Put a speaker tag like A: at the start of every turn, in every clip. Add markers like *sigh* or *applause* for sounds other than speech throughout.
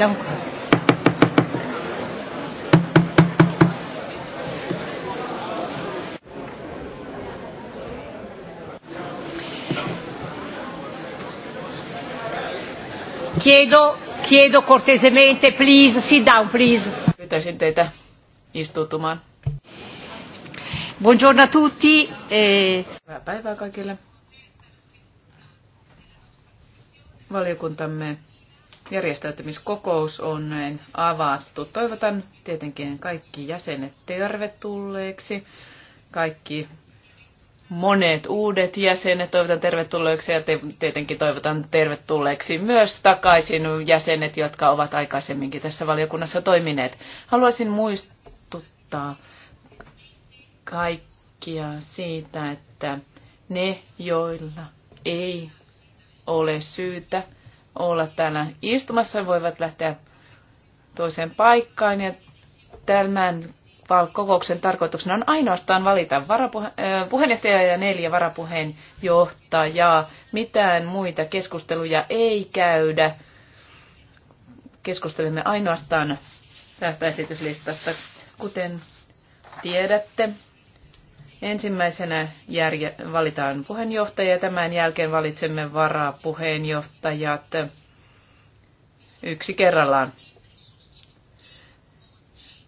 A: Danke. Chiedo, chiedo cortesemente, please, sit down, please. Pyytäisin
B: teitä istuutumaan.
A: Buongiorno a tutti. Eh...
B: Hyvää päivää kaikille. Valiokuntamme järjestäytymiskokous on näin avattu. Toivotan tietenkin kaikki jäsenet tervetulleeksi. Kaikki monet uudet jäsenet toivotan tervetulleeksi ja tietenkin toivotan tervetulleeksi myös takaisin jäsenet, jotka ovat aikaisemminkin tässä valiokunnassa toimineet. Haluaisin muistuttaa kaikkia siitä, että ne, joilla ei ole syytä olla täällä istumassa, voivat lähteä toiseen paikkaan. Ja tämän kokouksen tarkoituksena on ainoastaan valita varapuhe- äh, puheenjohtaja ja neljä varapuheenjohtajaa. Mitään muita keskusteluja ei käydä. Keskustelemme ainoastaan tästä esityslistasta. Kuten tiedätte, Ensimmäisenä järje- valitaan puheenjohtaja ja tämän jälkeen valitsemme varapuheenjohtajat yksi kerrallaan.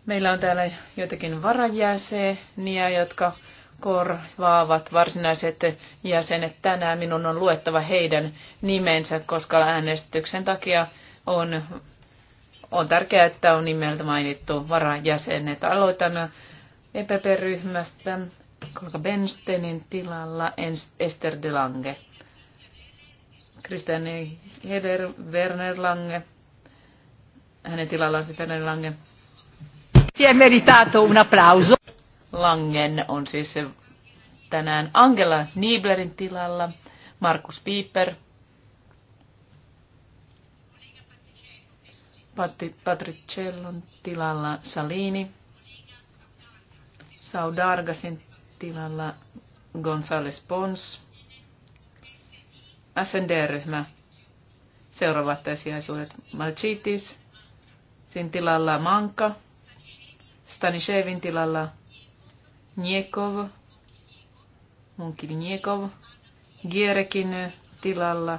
B: Meillä on täällä joitakin varajäseniä, jotka korvaavat varsinaiset jäsenet. Tänään minun on luettava heidän nimensä, koska äänestyksen takia on, on tärkeää, että on nimeltä mainittu varajäsenet. Aloitan EPP-ryhmästä. Kolka Benstenin tilalla Esther de Lange. Christian Heder, Werner Lange. Hänen tilallaan sitten Werner Lange.
A: Si è meritato un applauso.
B: Langen on siis tänään Angela Nieblerin tilalla. Markus Pieper. Patricellon tilalla Salini. Saudargasin tilalla González Pons, SND-ryhmä, seuraavat sijaisuudet Malchitis, sin tilalla Manka, Stanishevin tilalla Niekov, munkin Niekov, Gierekin tilalla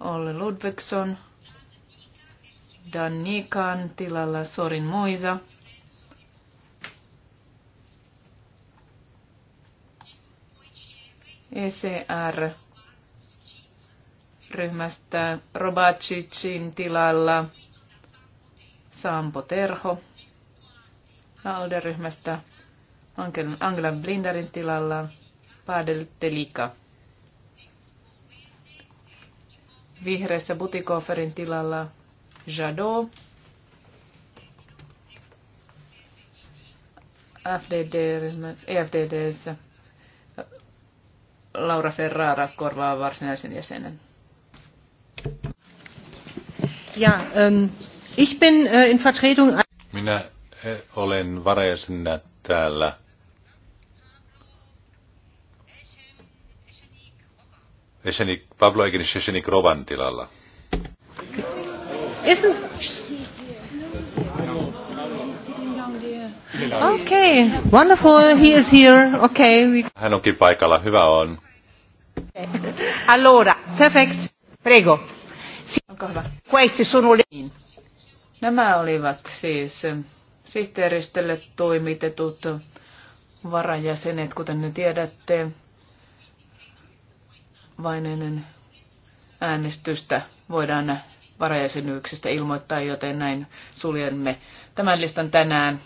B: Olle Ludvigsson, Dan Nikan tilalla Sorin Moisa, ECR ryhmästä Robacicin tilalla Sampo Terho. ALDE-ryhmästä Angela Blindarin tilalla Padel Telika. Vihreässä Butikoferin tilalla Jadot. FDD-ryhmässä, e Laura Ferrara korvaa varsinaisen jäsenen.
A: Ja, ähm, ich bin äh, in Vertretung...
C: Minä äh, olen varajäsenä täällä Pablo Egenis Shechenik Rovan tilalla. Okay,
A: wonderful, he is here. Okay. We...
C: Hän onkin paikalla, hyvä on.
A: Allora, perfect. Prego. Onko hyvä? Questi sono le... Niin.
B: Nämä olivat siis eh, sihteeristölle toimitetut varajäsenet, kuten ne tiedätte, vain ennen äänestystä voidaan varajäsenyyksistä ilmoittaa, joten näin suljemme tämän listan tänään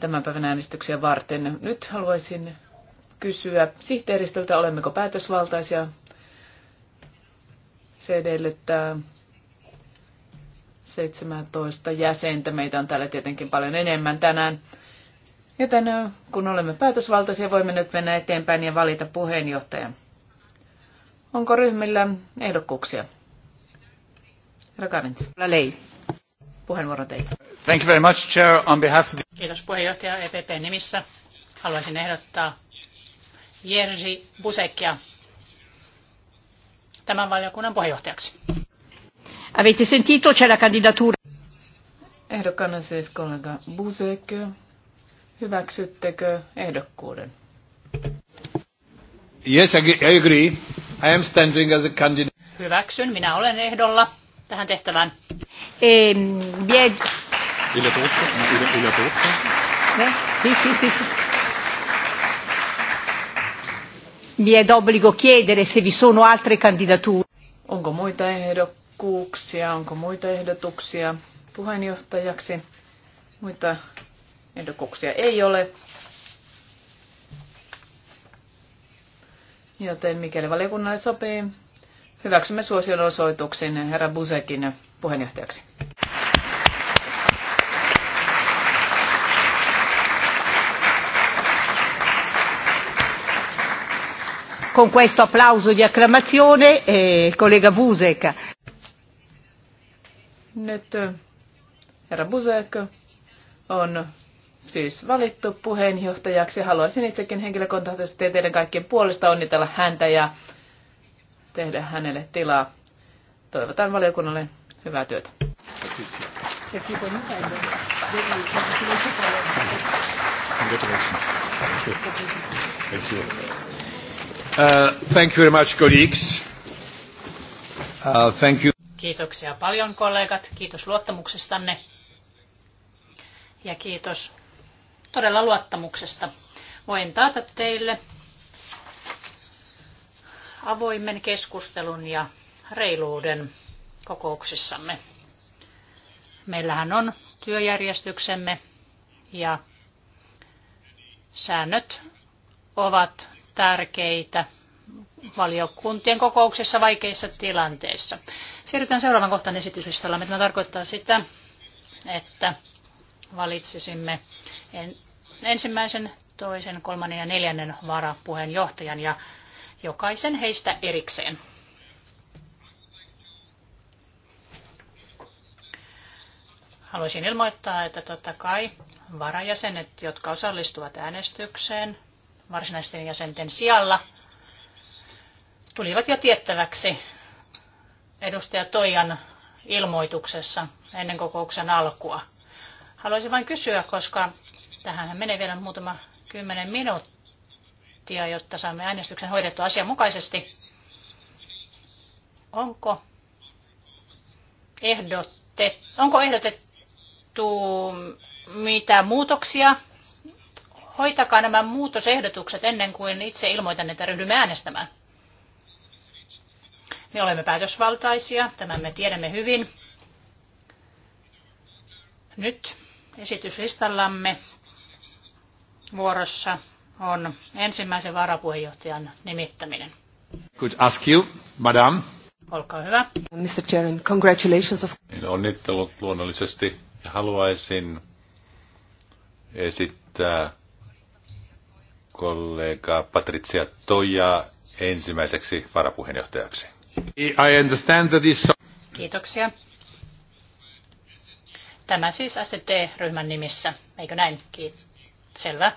B: tämän päivän äänestyksiä varten. Nyt haluaisin kysyä sihteeristöltä, olemmeko päätösvaltaisia. Se edellyttää 17 jäsentä. Meitä on täällä tietenkin paljon enemmän tänään. Joten äh, kun olemme päätösvaltaisia, voimme nyt mennä eteenpäin ja valita puheenjohtajan. Onko ryhmillä ehdokkuuksia? Herra Karins. Puheenvuoro teille.
C: Thank you very much, Chair. On behalf of the...
A: Kiitos puheenjohtaja EPP nimissä. Haluaisin ehdottaa Jerzy Busekia tämän valiokunnan puheenjohtajaksi. Avete sentito, c'è la candidatura.
B: Ehdokkaana siis kollega Busek.
A: Hyväksyttekö ehdokkuuden?
C: Yes, I agree. I am standing as a candidate.
A: Hyväksyn, minä olen ehdolla tähän tehtävään. Eh,
C: Ylä Tuukka. No, ylä, ylä Tuukka.
A: Ne? Eh, sì, sì, sì, sì. Mi è d'obbligo chiedere se vi sono altre candidature. Onko muita ehdokkuuksia, onko
B: muita ehdotuksia puheenjohtajaksi? Muita ehdokkuuksia ei ole. Joten mikäli valiokunnalle sopii, hyväksymme suosion osoituksen herra Busekin puheenjohtajaksi.
A: con questo applauso di acclamazione eh, il collega Busek.
B: Nyt herra Busek on siis valittu puheenjohtajaksi. Haluaisin itsekin henkilökohtaisesti teidän kaikkien puolesta onnitella häntä ja tehdä hänelle tilaa. Toivotan valiokunnalle hyvää
C: työtä. Congratulations. Thank you. Thank you. Uh, uh,
A: Kiitoksia paljon kollegat, kiitos luottamuksestanne ja kiitos todella luottamuksesta. Voin taata teille avoimen keskustelun ja reiluuden kokouksissamme. Meillähän on työjärjestyksemme ja säännöt ovat tärkeitä valiokuntien kokouksessa vaikeissa tilanteissa. Siirrytään seuraavan kohtaan esityslistalla. Tämä tarkoittaa sitä, että valitsisimme ensimmäisen, toisen, kolmannen ja neljännen varapuheenjohtajan ja jokaisen heistä erikseen. Haluaisin ilmoittaa, että totta kai varajäsenet, jotka osallistuvat äänestykseen, varsinaisten jäsenten sijalla, tulivat jo tiettäväksi edustaja Toijan ilmoituksessa ennen kokouksen alkua. Haluaisin vain kysyä, koska tähän menee vielä muutama kymmenen minuuttia, jotta saamme äänestyksen hoidettua asianmukaisesti. Onko, ehdotet, onko ehdotettu mitä muutoksia hoitakaa nämä muutosehdotukset ennen kuin itse ilmoitan, että ryhdymme äänestämään. Me olemme päätösvaltaisia, tämän me tiedämme hyvin. Nyt esityslistallamme vuorossa on ensimmäisen varapuheenjohtajan nimittäminen.
C: Could ask you, madam. Olkaa hyvä. Mr. Chairman, congratulations. Of... Niin, onnittelut luonnollisesti. Haluaisin esittää kollega Patricia Toja ensimmäiseksi varapuheenjohtajaksi. I understand that is...
A: Kiitoksia. Tämä siis act ryhmän nimissä, eikö näin? Kiit- Selvä.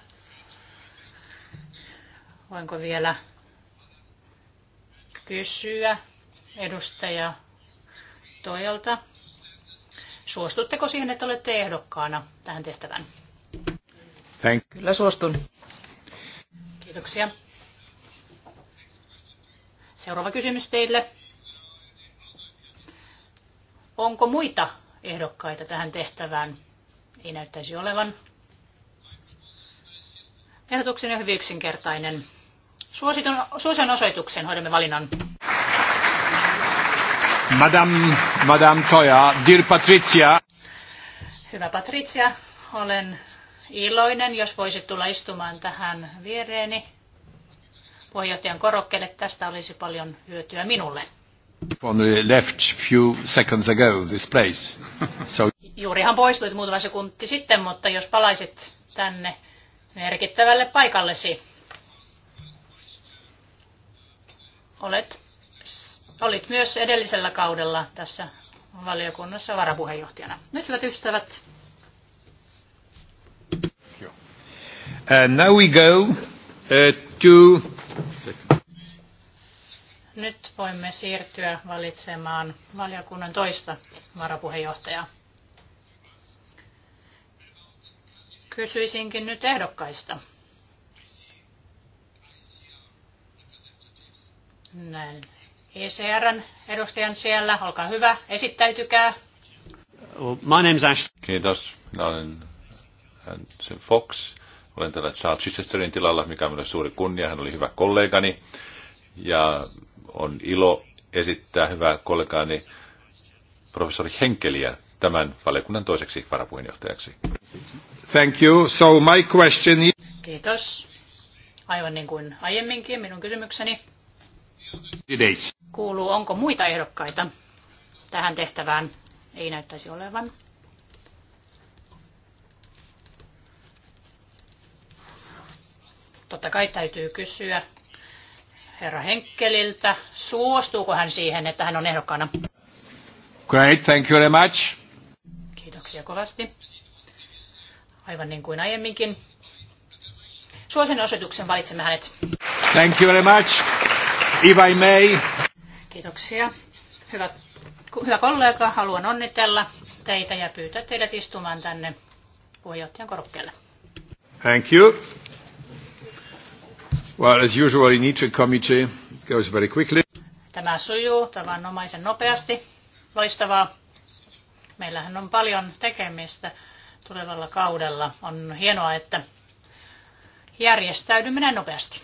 A: Voinko vielä kysyä edustaja Toijalta? Suostutteko siihen, että olette ehdokkaana tähän tehtävään? Thank.
C: Kyllä suostun.
A: Kiitoksia. Seuraava kysymys teille. Onko muita ehdokkaita tähän tehtävään? Ei näyttäisi olevan. Ehdotuksen on hyvin yksinkertainen. Suositun, suosion osoituksen hoidamme valinnan.
C: Madame, Madame Toja, dear Patricia.
A: Hyvä Patricia, olen iloinen, jos voisit tulla istumaan tähän viereeni. Puheenjohtajan korokkeelle tästä olisi paljon hyötyä minulle.
C: left few seconds ago this place. So...
A: Juurihan poistuit muutama sekunti sitten, mutta jos palaisit tänne merkittävälle paikallesi. Olet, olit myös edellisellä kaudella tässä valiokunnassa varapuheenjohtajana. Nyt hyvät ystävät,
C: And now we go uh, to...
A: Nyt voimme siirtyä valitsemaan valiokunnan toista varapuheenjohtajaa. Kysyisinkin nyt ehdokkaista. Näin. ECRn edustajan siellä, olkaa hyvä, esittäytykää.
C: Well, my is Ash. Kiitos, minä olen Fox olen täällä Charles Chichesterin tilalla, mikä on minulle suuri kunnia. Hän oli hyvä kollegani ja on ilo esittää hyvää kollegaani professori Henkeliä tämän valiokunnan toiseksi varapuheenjohtajaksi. Thank you. So my question is...
A: Kiitos. Aivan niin kuin aiemminkin minun kysymykseni kuuluu, onko muita ehdokkaita tähän tehtävään? Ei näyttäisi olevan. Totta kai täytyy kysyä herra Henkkeliltä, suostuuko hän siihen, että hän on ehdokkaana?
C: Great, thank you very much.
A: Kiitoksia kovasti. Aivan niin kuin aiemminkin. Suosin osoituksen valitsemme hänet.
C: Thank you very much. If I may.
A: Kiitoksia. Hyvä, hyvä kollega, haluan onnitella teitä ja pyytää teidät istumaan tänne puheenjohtajan korokkeelle.
C: Thank you. Well, as usual in each committee, it goes very quickly.
A: Tämä sujuu tavanomaisen nopeasti. Loistavaa. Meillähän on paljon tekemistä tulevalla kaudella. On hienoa, että järjestäydymme näin nopeasti.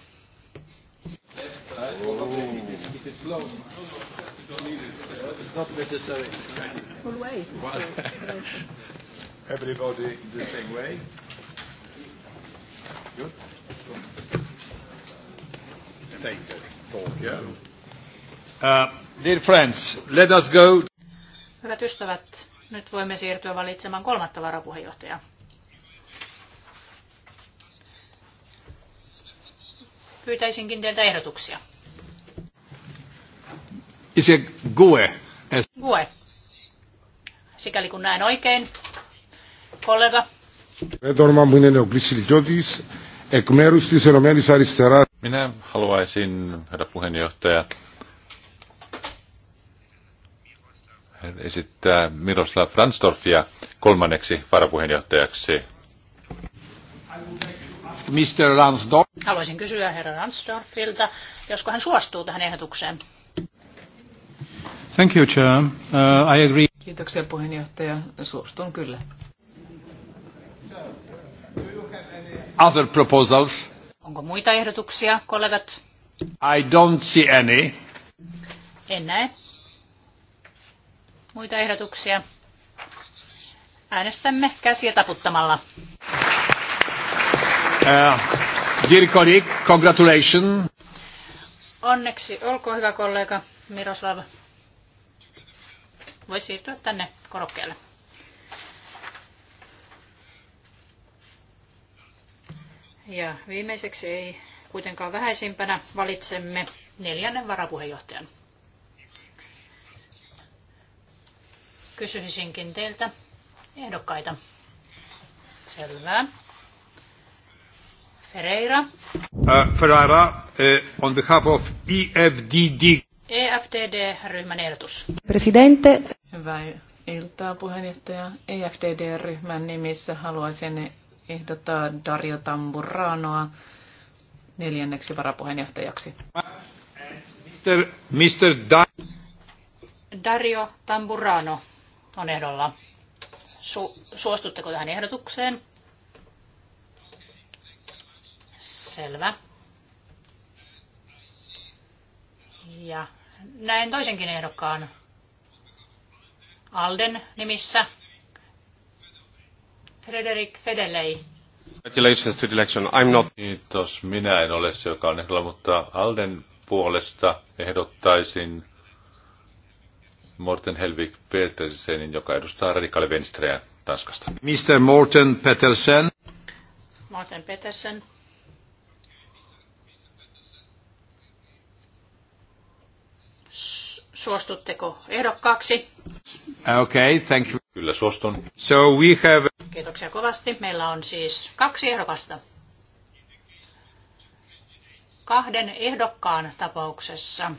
C: Everybody in the same way. Good. Uh, dear friends, let us go.
A: Hyvät ystävät, nyt voimme siirtyä valitsemaan kolmatta varapuheenjohtajaa. Pyytäisinkin teiltä ehdotuksia.
C: Ise GUE.
A: GUE. Sikäli kun näen oikein, kollega.
C: Εδώ όνομα μου είναι Νεοκλής Ηλικιώτης, εκ μέρους της Ενωμένης Αριστεράς. Minä haluaisin, herra puheenjohtaja, esittää Miroslav Franstorfia kolmanneksi varapuheenjohtajaksi. Mr. Ransdorf.
A: Haluaisin kysyä herra Ransdorfilta, josko hän suostuu tähän ehdotukseen.
C: Thank you, Chair. Uh, I agree. Kiitoksia
B: puheenjohtaja. Suostun kyllä.
C: Other proposals?
A: Onko muita ehdotuksia, kollegat?
C: I don't see any.
A: En näe. Muita ehdotuksia? Äänestämme käsiä taputtamalla.
C: Uh, dear colleague, congratulations.
A: Onneksi olkoon hyvä kollega Miroslav. voi siirtyä tänne korokkeelle. Ja viimeiseksi ei kuitenkaan vähäisimpänä valitsemme neljännen varapuheenjohtajan. Kysyisinkin teiltä ehdokkaita. Selvä. Ferreira.
C: Uh, Ferreira, uh, on behalf of EFDD.
A: EFDD-ryhmän ehdotus.
C: Presidente.
A: Hyvää
B: iltaa puheenjohtaja. EFDD-ryhmän nimissä haluaisin ehdottaa Dario Tamburanoa neljänneksi varapuheenjohtajaksi.
C: Mr. Mr. Da-
A: Dario Tamburano on ehdolla. Su- suostutteko tähän ehdotukseen? Selvä. Ja näin toisenkin ehdokkaan Alden nimissä. Frederik Fedelei.
C: Congratulations to the election. I'm not... Kiitos. Minä en ole se, joka on ehdolla, mutta Alden puolesta ehdottaisin Morten Helvik Petersenin, joka edustaa radikaali Venstreä Tanskasta. Mr. Morten Petersen.
A: Morten Petersen. Suostutteko ehdokkaaksi?
C: Okay, thank you. Kyllä suostun. So we have...
A: Kiitoksia kovasti. Meillä on siis kaksi ehdokasta. Kahden ehdokkaan tapauksessa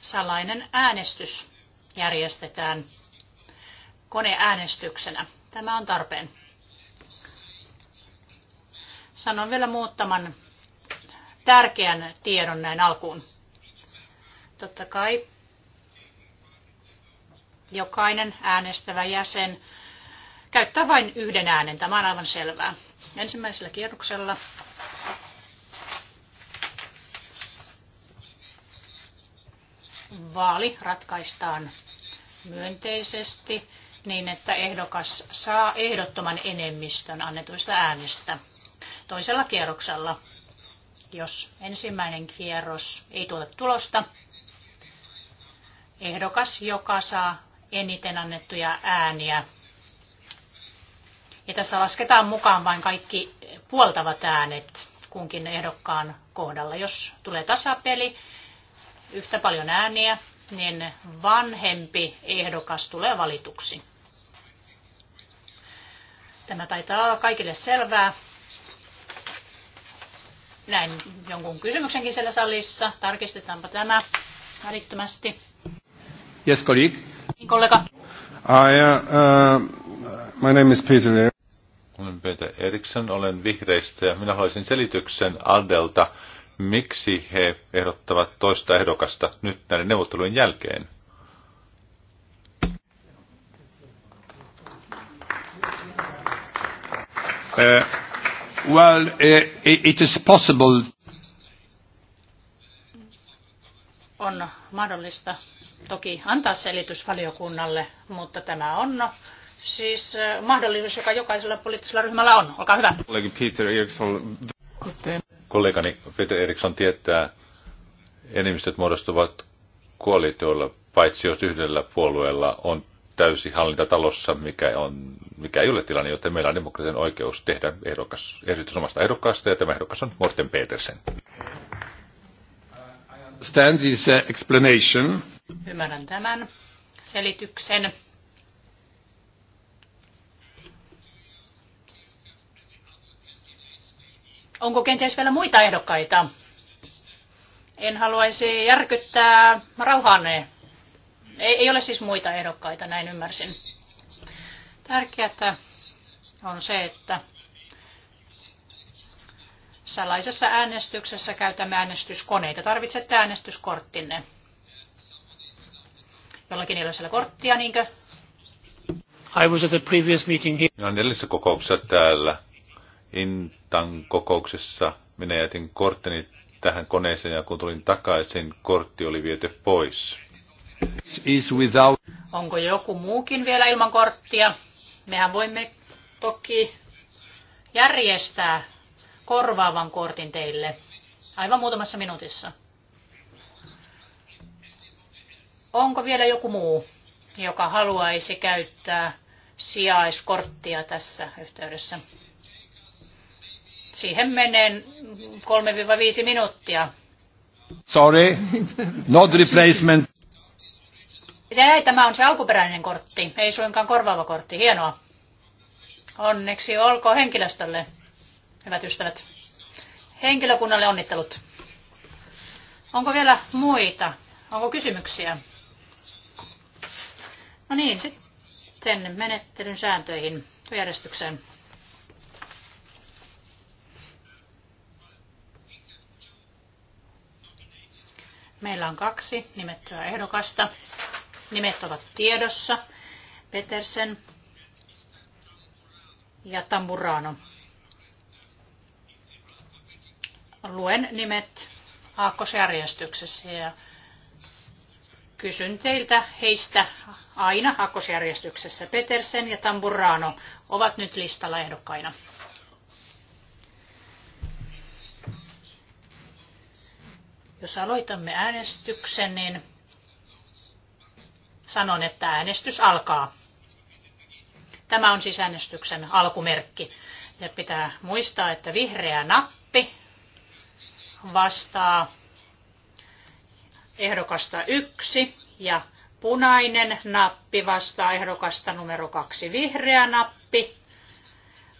A: salainen äänestys järjestetään koneäänestyksenä. Tämä on tarpeen. Sanon vielä muutaman tärkeän tiedon näin alkuun. Totta kai jokainen äänestävä jäsen käyttää vain yhden äänen. Tämä on aivan selvää. Ensimmäisellä kierroksella vaali ratkaistaan myönteisesti niin, että ehdokas saa ehdottoman enemmistön annetuista äänistä. Toisella kierroksella, jos ensimmäinen kierros ei tuota tulosta, ehdokas, joka saa eniten annettuja ääniä. Ja tässä lasketaan mukaan vain kaikki puoltavat äänet kunkin ehdokkaan kohdalla. Jos tulee tasapeli, yhtä paljon ääniä, niin vanhempi ehdokas tulee valituksi. Tämä taitaa olla kaikille selvää. Näin jonkun kysymyksenkin siellä salissa. Tarkistetaanpa tämä välittömästi.
C: Yes, colleague. Kollega. I, uh, uh, my name is Peter Eriksson. Olen Peter Eriksson, olen vihreistä ja minä haluaisin selityksen Aldelta, miksi he ehdottavat toista ehdokasta nyt näiden neuvottelujen jälkeen. Uh, well, uh, it is possible
A: on mahdollista toki antaa selitys valiokunnalle, mutta tämä on no, siis äh, mahdollisuus, joka jokaisella poliittisella ryhmällä on. Olkaa hyvä.
C: Peter Eriksson, Kollegani Peter Eriksson tietää, enemmistöt muodostuvat koalitioilla, paitsi jos yhdellä puolueella on täysi hallinta talossa, mikä, on, mikä ei ole tilanne, joten meillä on demokratian oikeus tehdä ehdokas, esitys omasta ehdokkaasta, ja tämä ehdokas on Morten Petersen understand this uh, explanation.
A: Ymmärrän tämän selityksen. Onko kenties vielä muita ehdokkaita? En haluaisi järkyttää rauhanne. Ei, ei ole siis muita ehdokkaita, näin ymmärsin. Tärkeää on se, että Salaisessa äänestyksessä käytämme äänestyskoneita. Tarvitsette äänestyskorttinne. Jollakin ei ole siellä korttia, niinkö?
C: I was at the previous meeting here. Minä olen edellisessä kokouksessa täällä. Intan kokouksessa minä jätin korttini tähän koneeseen ja kun tulin takaisin, kortti oli viety pois. Is without...
A: Onko joku muukin vielä ilman korttia? Mehän voimme toki järjestää korvaavan kortin teille aivan muutamassa minuutissa. Onko vielä joku muu, joka haluaisi käyttää sijaiskorttia tässä yhteydessä? Siihen menee 3-5 minuuttia.
C: Sorry, not replacement.
A: Ei, tämä on se alkuperäinen kortti, ei suinkaan korvaava kortti. Hienoa. Onneksi olko henkilöstölle. Hyvät ystävät, henkilökunnalle onnittelut. Onko vielä muita? Onko kysymyksiä? No niin, sitten menettelyn sääntöihin järjestykseen. Meillä on kaksi nimettyä ehdokasta. Nimet ovat tiedossa. Petersen ja Tamburano. Luen nimet aakkosjärjestyksessä ja kysyn teiltä heistä aina aakkosjärjestyksessä. Petersen ja Tamburano ovat nyt listalla ehdokkaina. Jos aloitamme äänestyksen, niin sanon, että äänestys alkaa. Tämä on siis äänestyksen alkumerkki. Ja pitää muistaa, että vihreä nappi vastaa ehdokasta yksi ja punainen nappi vastaa ehdokasta numero kaksi. Vihreä nappi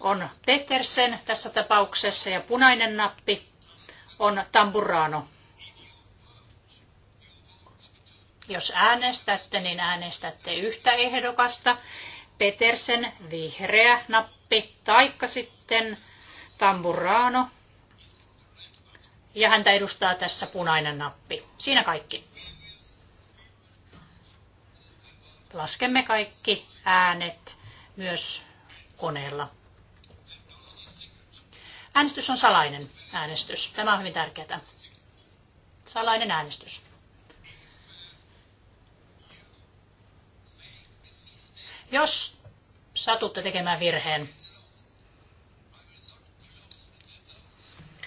A: on Petersen tässä tapauksessa ja punainen nappi on Tamburano. Jos äänestätte, niin äänestätte yhtä ehdokasta, Petersen vihreä nappi, taikka sitten Tamburano ja häntä edustaa tässä punainen nappi. Siinä kaikki. Laskemme kaikki äänet myös koneella. Äänestys on salainen äänestys. Tämä on hyvin tärkeää. Salainen äänestys. Jos satutte tekemään virheen,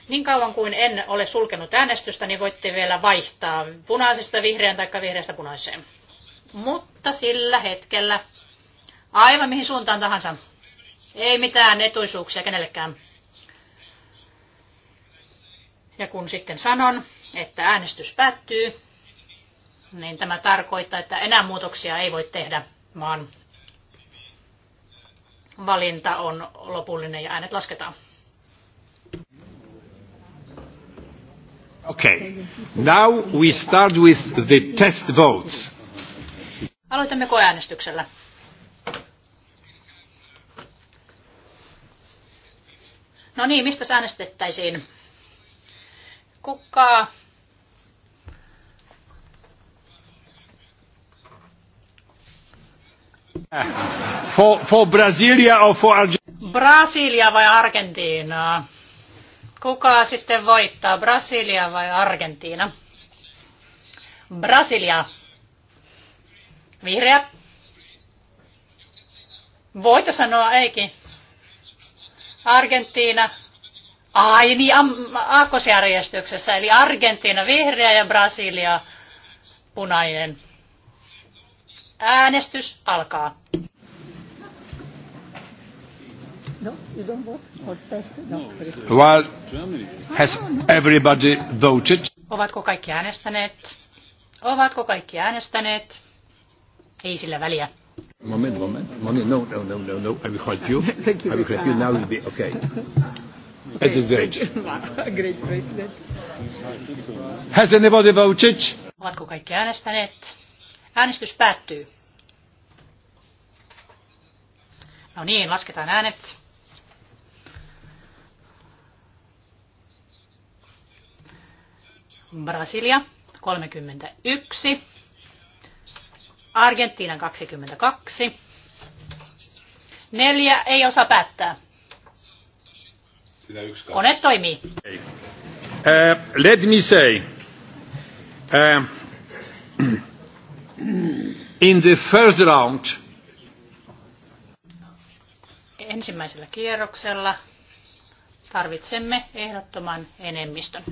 A: Niin kauan kuin en ole sulkenut äänestystä, niin voitte vielä vaihtaa punaisesta vihreän tai vihreästä punaiseen. Mutta sillä hetkellä, aivan mihin suuntaan tahansa, ei mitään etuisuuksia kenellekään. Ja kun sitten sanon, että äänestys päättyy, niin tämä tarkoittaa, että enää muutoksia ei voi tehdä, vaan valinta on lopullinen ja äänet lasketaan.
C: Okay. Now we start with the test votes.
A: Aloitamme koeäänestyksellä. No niin, mistä äänestettäisiin? Kuka
C: For, for Brasilia or for Argentina?
A: Brasilia vai Argentiinaa? Kuka sitten voittaa, Brasilia vai Argentiina? Brasilia. Vihreät. Voitko sanoa eikin? Argentiina. Ai niin, aakkosjärjestyksessä. Eli Argentiina, vihreä ja Brasilia, punainen. Äänestys alkaa. No, you don't vote for test. No.
C: Well, has everybody voted?
A: Ovatko kaikki äänestäneet? Ovatko kaikki äänestäneet? Ei sillä väliä.
C: Moment, moment. moment. No, no, no, no, no. I will help you. *laughs* Thank you. I will help you. Now will be okay. *laughs* It is great. *laughs* great president. Has anybody voted?
A: Ovatko kaikki äänestäneet? Äänestys päättyy. No niin, lasketaan äänet. Brasilia 31, Argentiina 22, neljä ei osaa päättää.
C: Sinä yksi, Kone
A: toimii. Ei.
C: Uh, let me say, uh, in the first round,
A: ensimmäisellä kierroksella tarvitsemme ehdottoman enemmistön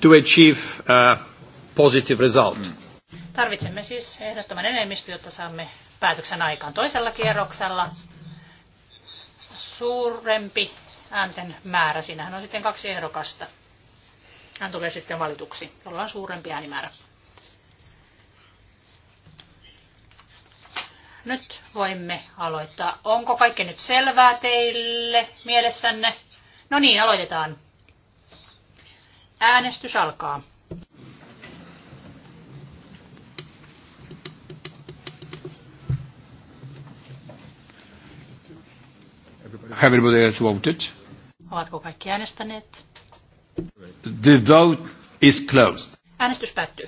C: to achieve a positive result. Mm.
A: Tarvitsemme siis ehdottoman enemmistö, jotta saamme päätöksen aikaan toisella kierroksella. Suurempi äänten määrä, siinähän on sitten kaksi ehdokasta. Hän tulee sitten valituksi, jolla on suurempi äänimäärä. Nyt voimme aloittaa. Onko kaikki nyt selvää teille mielessänne? No niin, aloitetaan. Äänestys alkaa.
C: Everybody has voted.
A: Ovatko kaikki äänestäneet?
C: The vote is closed.
A: Äänestys päättyy.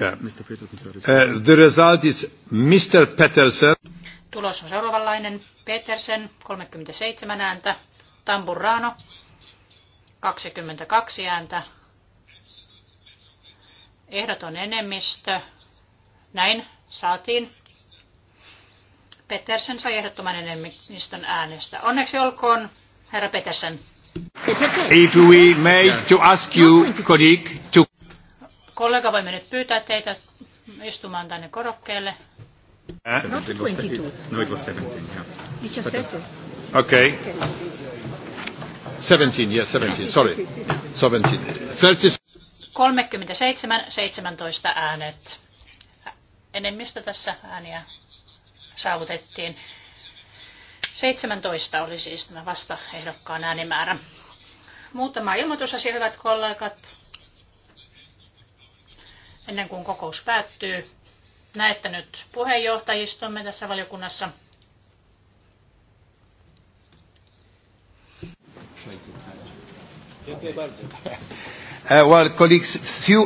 C: Yeah. Mr. Uh, the result is Mr. Peterson.
A: Tulos on seuraavanlainen. Petersen 37 ääntä, Tamburrano 22 ääntä, ehdoton enemmistö. Näin saatiin. Petersen sai ehdottoman enemmistön äänestä. Onneksi olkoon, herra Petersen.
C: If we may to ask you, no, colleague,
A: Kollega, voimme nyt pyytää teitä istumaan tänne korokkeelle.
C: Eh? Not 22. No, it was 17. Yeah. It's just okay. 17, yes, 17, sorry. 17.
A: 30. 37, 17 äänet. Enemmistö tässä ääniä saavutettiin. 17 oli siis tämä vastaehdokkaan äänimäärä. Muutama ilmoitusasia, hyvät kollegat ennen kuin kokous päättyy. Näette nyt puheenjohtajistomme tässä valiokunnassa.
B: Uh,
C: few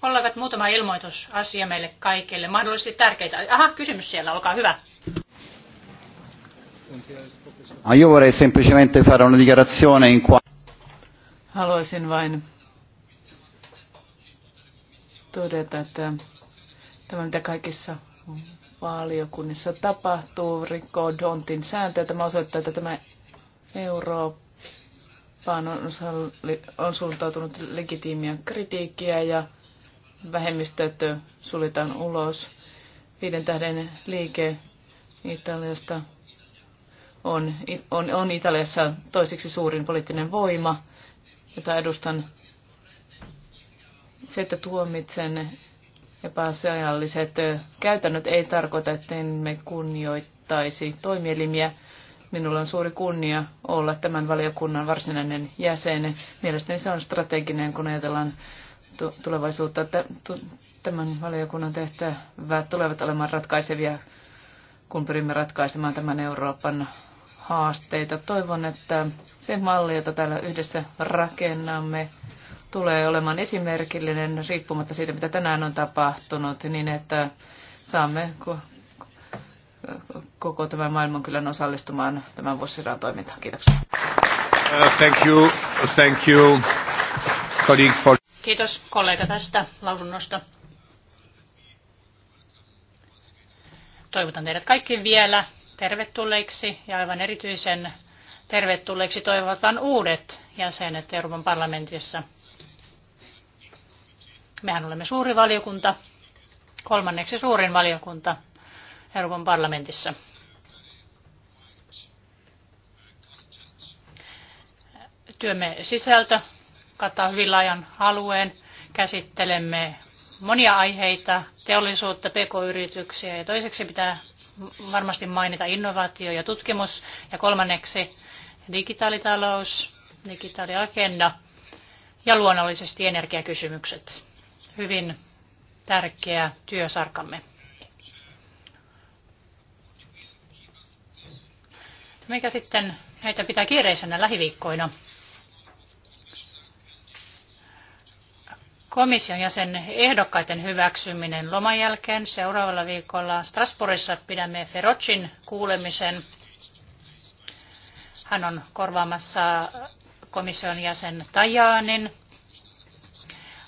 A: Kollegat, muutama ilmoitus asia meille kaikille. Mahdollisesti tärkeitä. Aha, kysymys siellä, olkaa hyvä.
C: Ah, io vorrei semplicemente fare una dichiarazione in qua...
B: Haluaisin vain todeta, että tämä mitä kaikissa valiokunnissa tapahtuu, rikkoo Dontin sääntöjä. Tämä osoittaa, että tämä Eurooppaan on, on suuntautunut legitiimiä kritiikkiä ja vähemmistöt suljetaan ulos. Viiden tähden liike Italiasta on, on, on Italiassa toiseksi suurin poliittinen voima, jota edustan se, että tuomitsen epäasialliset käytännöt ei tarkoita, että emme kunnioittaisi toimielimiä. Minulla on suuri kunnia olla tämän valiokunnan varsinainen jäsen. Mielestäni se on strateginen, kun ajatellaan tulevaisuutta. Tämän valiokunnan tehtävät tulevat olemaan ratkaisevia, kun pyrimme ratkaisemaan tämän Euroopan haasteita. Toivon, että se malli, jota täällä yhdessä rakennamme, tulee olemaan esimerkillinen riippumatta siitä, mitä tänään on tapahtunut, niin että saamme koko tämän maailman kyllä osallistumaan tämän vuosisadan toimintaan. Kiitoksia.
C: Uh, thank you. Thank you. For... Kiitos
A: kollega tästä lausunnosta. Toivotan teidät kaikki vielä tervetulleiksi ja aivan erityisen tervetulleiksi toivotan uudet jäsenet Euroopan parlamentissa. Mehän olemme suuri valiokunta, kolmanneksi suurin valiokunta Euroopan parlamentissa. Työmme sisältö kattaa hyvin laajan alueen. Käsittelemme monia aiheita, teollisuutta, pk-yrityksiä ja toiseksi pitää varmasti mainita innovaatio ja tutkimus ja kolmanneksi digitaalitalous, digitaaliagenda ja luonnollisesti energiakysymykset hyvin tärkeä työsarkamme. Mikä sitten meitä pitää kiireisenä lähiviikkoina? Komission jäsen ehdokkaiden hyväksyminen loman jälkeen seuraavalla viikolla Strasbourgissa pidämme Ferocin kuulemisen. Hän on korvaamassa komission jäsen Tajaanin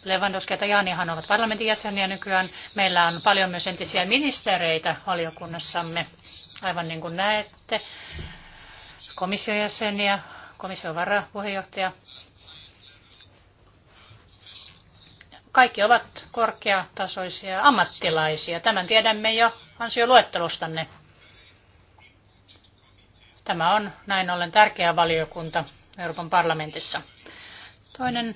A: Lewandowski ja Tajanihan ovat parlamentin jäseniä nykyään. Meillä on paljon myös entisiä ministereitä valiokunnassamme, aivan niin kuin näette. Komission jäseniä, komission varapuheenjohtaja. Kaikki ovat korkeatasoisia ammattilaisia. Tämän tiedämme jo ansioluettelostanne. Tämä on näin ollen tärkeä valiokunta Euroopan parlamentissa. Toinen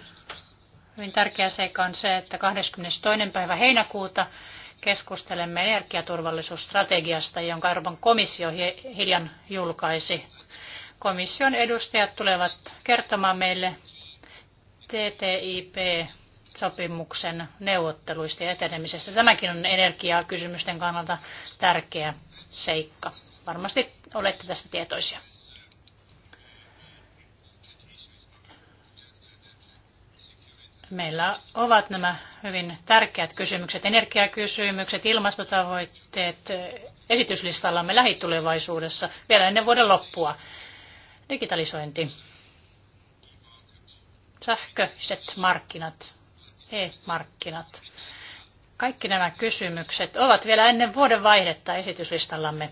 A: Hyvin tärkeä seikka on se, että 22. päivä heinäkuuta keskustelemme energiaturvallisuusstrategiasta, jonka Euroopan komissio hiljan julkaisi. Komission edustajat tulevat kertomaan meille TTIP-sopimuksen neuvotteluista ja etenemisestä. Tämäkin on energiakysymysten kannalta tärkeä seikka. Varmasti olette tästä tietoisia. Meillä ovat nämä hyvin tärkeät kysymykset, energiakysymykset, ilmastotavoitteet esityslistallamme lähitulevaisuudessa vielä ennen vuoden loppua. Digitalisointi, sähköiset markkinat, e-markkinat. Kaikki nämä kysymykset ovat vielä ennen vuoden vaihdetta esityslistallamme.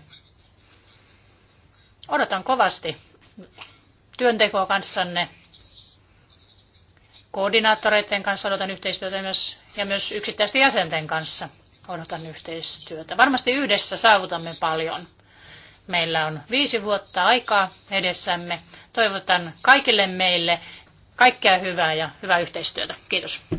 A: Odotan kovasti työntekoa kanssanne koordinaattoreiden kanssa odotan yhteistyötä myös, ja myös yksittäisten jäsenten kanssa odotan yhteistyötä. Varmasti yhdessä saavutamme paljon. Meillä on viisi vuotta aikaa edessämme. Toivotan kaikille meille kaikkea hyvää ja hyvää yhteistyötä. Kiitos.